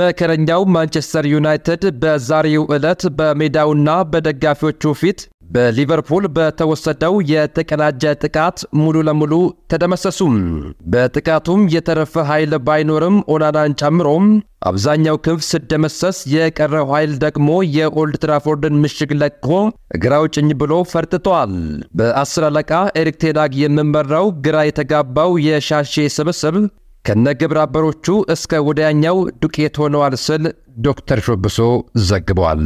መከረኛው ማንቸስተር ዩናይትድ በዛሬው ዕለት በሜዳውና በደጋፊዎቹ ፊት በሊቨርፑል በተወሰደው የተቀናጀ ጥቃት ሙሉ ለሙሉ ተደመሰሱም። በጥቃቱም የተረፈ ኃይል ባይኖርም ኦናናን ጨምሮም አብዛኛው ክንፍ ስደመሰስ፣ የቀረው ኃይል ደግሞ የኦልድ ትራፎርድን ምሽግ ለቆ ግራ ውጭኝ ብሎ ፈርጥቷል። በአስር አለቃ ኤሪክ ቴናግ የሚመራው ግራ የተጋባው የሻሼ ስብስብ ከነግብረ አበሮቹ እስከ ወዲያኛው ዱቄት ሆነዋል ስል ዶክተር ሾብሶ ዘግቧል።